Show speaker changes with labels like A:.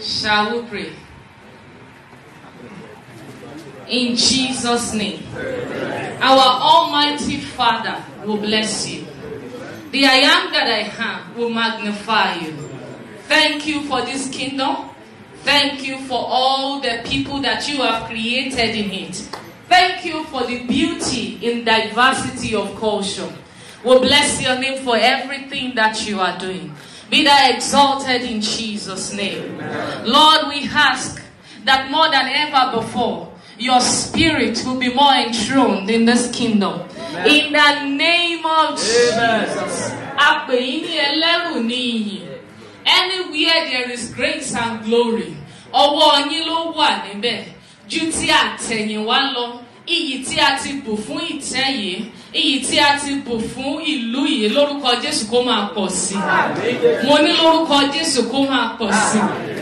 A: Shall we pray? In Jesus' name. Our Almighty Father will bless you. The I am that I am will magnify you. Thank you for this kingdom. Thank you for all the people that you have created in it. Thank you for the beauty in diversity of culture. We we'll bless your name for everything that you are doing. Be thou exalted in Jesus' name. Lord, we ask that more than ever before, your spirit will be more enthroned in this kingdom. In the name of Amen. Jesus. Anywhere there is grace and glory, ọwọ́ yín one wà níbẹ̀ ju ti àtẹ̀yìnwá iyì tí iyì tí a ti bù fún ìlú yìí
B: lórúkọ Jésù kó máa pọ̀ sí i mo ní lórúkọ Jésù kó máa pọ̀ sí i.